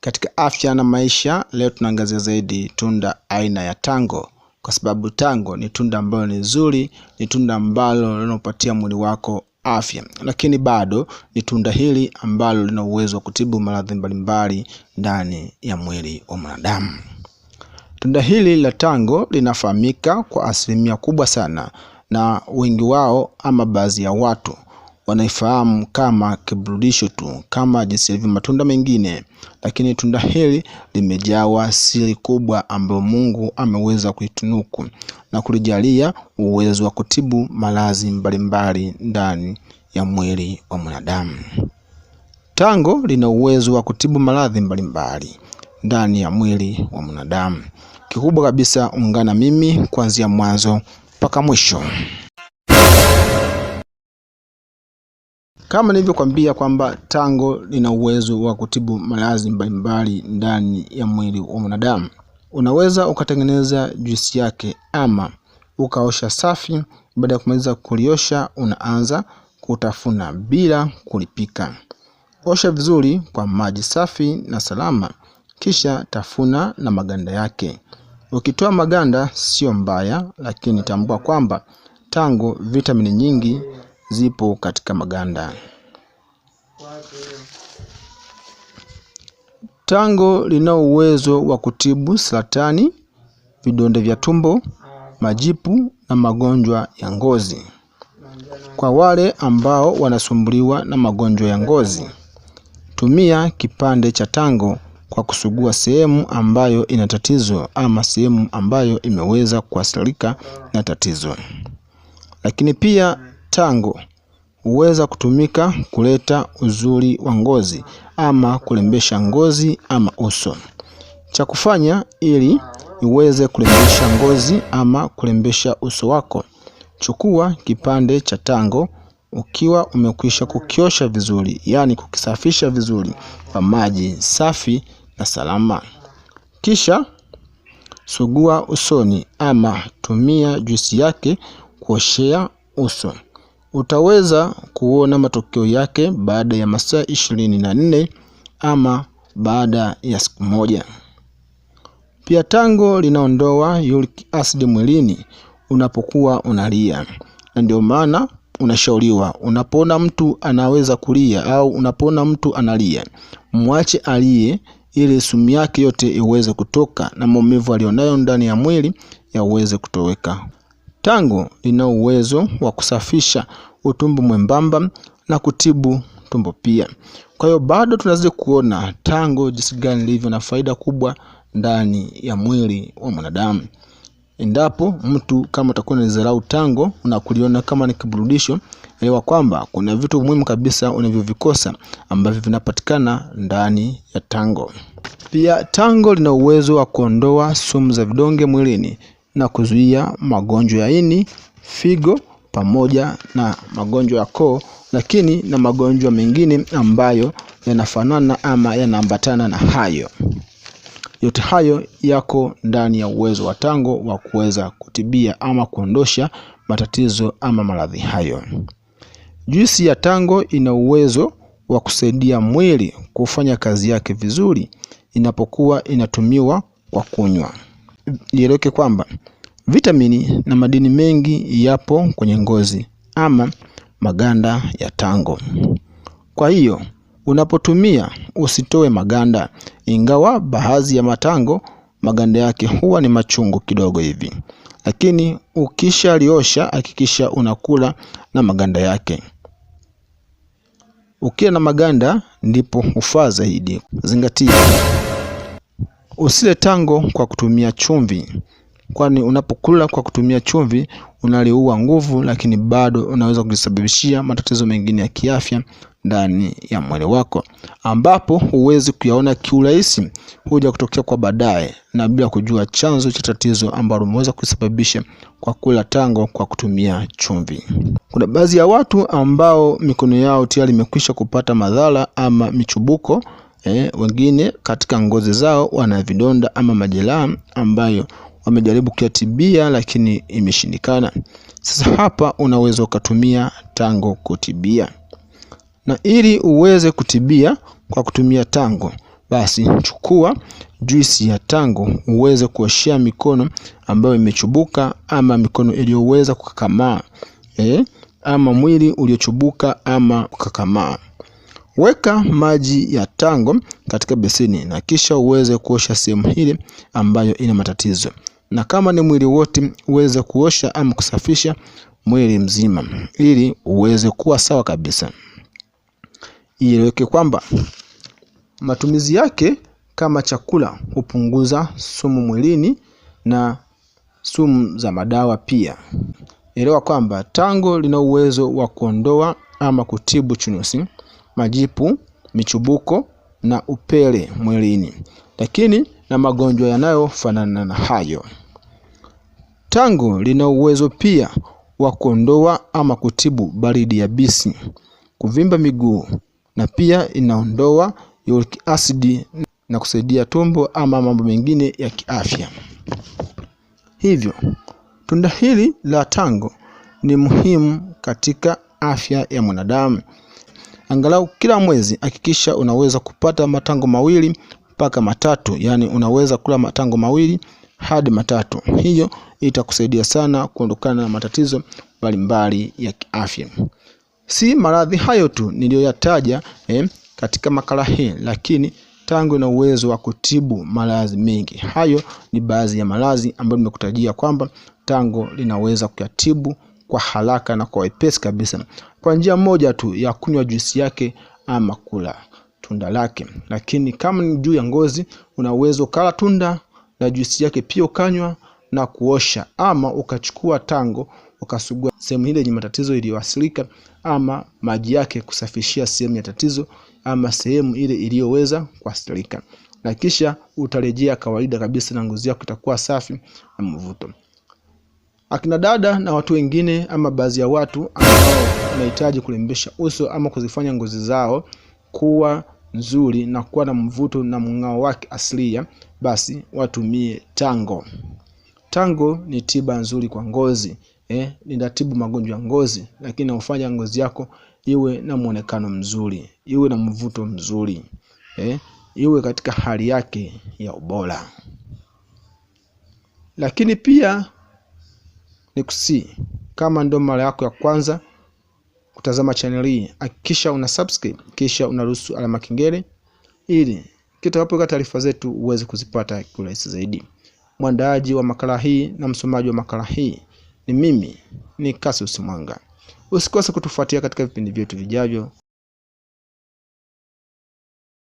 Katika afya na maisha, leo tunaangazia zaidi tunda aina ya tango, kwa sababu tango ni tunda ambalo ni zuri, ni tunda ambalo linaopatia mwili wako afya, lakini bado ni tunda hili ambalo lina uwezo wa kutibu maradhi mbalimbali ndani ya mwili wa mwanadamu. Tunda hili la tango linafahamika kwa asilimia kubwa sana na wengi wao ama baadhi ya watu wanaifahamu kama kiburudisho tu kama jinsi ilivyo matunda mengine, lakini tunda hili limejawa siri kubwa ambayo Mungu ameweza kuitunuku na kulijalia uwezo wa kutibu maradhi mbalimbali ndani ya mwili wa mwanadamu. Tango lina uwezo wa kutibu maradhi mbalimbali ndani ya mwili wa mwanadamu. Kikubwa kabisa, ungana mimi kuanzia mwanzo mpaka mwisho. Kama nilivyokwambia kwamba tango lina uwezo wa kutibu maradhi mbalimbali ndani ya mwili wa mwanadamu. Unaweza ukatengeneza juisi yake ama ukaosha safi. Baada ya kumaliza kuliosha, unaanza kutafuna bila kulipika. Osha vizuri kwa maji safi na salama, kisha tafuna na maganda yake. Ukitoa maganda sio mbaya, lakini tambua kwamba tango vitamini nyingi zipo katika maganda. Tango lina uwezo wa kutibu saratani, vidonda vya tumbo, majipu na magonjwa ya ngozi. Kwa wale ambao wanasumbuliwa na magonjwa ya ngozi, tumia kipande cha tango kwa kusugua sehemu ambayo ina tatizo ama sehemu ambayo imeweza kuathirika na tatizo. Lakini pia Tango huweza kutumika kuleta uzuri wa ngozi ama kurembesha ngozi ama uso. Cha kufanya ili iweze kurembesha ngozi ama kurembesha uso wako, chukua kipande cha tango ukiwa umekwisha kukiosha vizuri, yaani kukisafisha vizuri kwa maji safi na salama, kisha sugua usoni ama tumia juisi yake kuoshea uso. Utaweza kuona matokeo yake baada ya masaa ishirini na nne ama baada ya siku moja. Pia tango linaondoa uric acid mwilini unapokuwa unalia, na ndio maana unashauriwa unapoona mtu anaweza kulia au unapoona mtu analia, mwache alie ili sumu yake yote iweze kutoka na maumivu aliyonayo ndani ya mwili yaweze kutoweka. Tango lina uwezo wa kusafisha utumbo mwembamba na kutibu tumbo pia. Kwa hiyo bado tunazidi kuona tango jinsi gani lilivyo na faida kubwa ndani ya mwili wa mwanadamu. Endapo mtu kama utakuwa unalidharau tango na kuliona kama ni kiburudisho, elewa kwamba kuna vitu muhimu kabisa unavyovikosa ambavyo vinapatikana ndani ya tango. Pia tango lina uwezo wa kuondoa sumu za vidonge mwilini na kuzuia magonjwa ya ini, figo pamoja na magonjwa ya koo, lakini na magonjwa mengine ambayo yanafanana ama yanaambatana na hayo. Yote hayo yako ndani ya uwezo wa Tango wa kuweza kutibia ama kuondosha matatizo ama maradhi hayo. Juisi ya tango ina uwezo wa kusaidia mwili kufanya kazi yake vizuri inapokuwa inatumiwa kwa kunywa ieleweke kwamba vitamini na madini mengi yapo kwenye ngozi ama maganda ya tango. Kwa hiyo unapotumia usitoe maganda, ingawa baadhi ya matango maganda yake huwa ni machungu kidogo hivi, lakini ukisha liosha hakikisha unakula na maganda yake. Ukila na maganda ndipo hufaa zaidi. Zingatia. Usile tango kwa kutumia chumvi, kwani unapokula kwa kutumia chumvi unaliua nguvu, lakini bado unaweza kujisababishia matatizo mengine ya kiafya ndani ya mwili wako, ambapo huwezi kuyaona kiurahisi, huja kutokea kwa baadaye na bila kujua chanzo cha tatizo ambalo umeweza kusababisha kwa kula tango kwa kutumia chumvi. Kuna baadhi ya watu ambao mikono yao tayari imekwisha kupata madhara ama michubuko eh, wengine katika ngozi zao wana vidonda ama majeraha ambayo wamejaribu kuyatibia lakini imeshindikana. Sasa hapa unaweza ukatumia tango kutibia, na ili uweze kutibia kwa kutumia tango, basi chukua juisi ya tango uweze kuoshea mikono ambayo imechubuka ama mikono iliyoweza kukakamaa eh, ama mwili uliochubuka ama ukakamaa. Weka maji ya tango katika beseni na kisha uweze kuosha sehemu hili ambayo ina matatizo, na kama ni mwili wote uweze kuosha ama kusafisha mwili mzima ili uweze kuwa sawa kabisa. Ieleweke kwamba matumizi yake kama chakula hupunguza sumu mwilini na sumu za madawa pia. Elewa kwamba tango lina uwezo wa kuondoa ama kutibu chunusi majipu, michubuko na upele mwilini, lakini na magonjwa yanayofanana na hayo. Tango lina uwezo pia wa kuondoa ama kutibu baridi yabisi, kuvimba miguu na pia inaondoa uric acid na kusaidia tumbo ama mambo mengine ya kiafya. Hivyo tunda hili la tango ni muhimu katika afya ya mwanadamu. Angalau kila mwezi hakikisha unaweza kupata matango mawili mpaka matatu, yaani unaweza kula matango mawili hadi matatu. Hiyo itakusaidia sana kuondokana na matatizo mbalimbali ya kiafya. Si maradhi hayo tu niliyoyataja eh, katika makala hii, lakini tango ina uwezo wa kutibu maradhi mengi. Hayo ni baadhi ya maradhi ambayo nimekutajia kwamba tango linaweza kuyatibu kwa haraka na kwa wepesi kabisa, kwa njia moja tu ya kunywa juisi yake ama kula tunda lake. Lakini kama ni juu ya ngozi, una uwezo kala tunda na juisi yake pia ukanywa na kuosha, ama ukachukua tango ukasugua sehemu ile yenye matatizo iliyoasilika, ama maji yake kusafishia sehemu ya tatizo ama sehemu ile iliyoweza kuasilika, na kisha utarejea kawaida kabisa na ngozi yako itakuwa safi na mvuto. Akina dada na watu wengine ama baadhi ya watu ambao wanahitaji kurembesha uso ama kuzifanya ngozi zao kuwa nzuri na kuwa na mvuto na mng'ao wake asilia, basi watumie tango. Tango ni tiba nzuri kwa ngozi eh, linatibu magonjwa ya ngozi, lakini naufanya ngozi yako iwe na mwonekano mzuri, iwe na mvuto mzuri eh, iwe katika hali yake ya ubora, lakini pia Nikusii, kama ndio mara yako ya kwanza kutazama channel hii, hakikisha una subscribe kisha unaruhusu alama kengele, ili kitawapoweka taarifa zetu uweze kuzipata kiurahisi zaidi. Mwandaaji wa makala hii na msomaji wa makala hii ni mimi, ni Cassius Mwanga. Usikose kutufuatia katika vipindi vyetu vijavyo.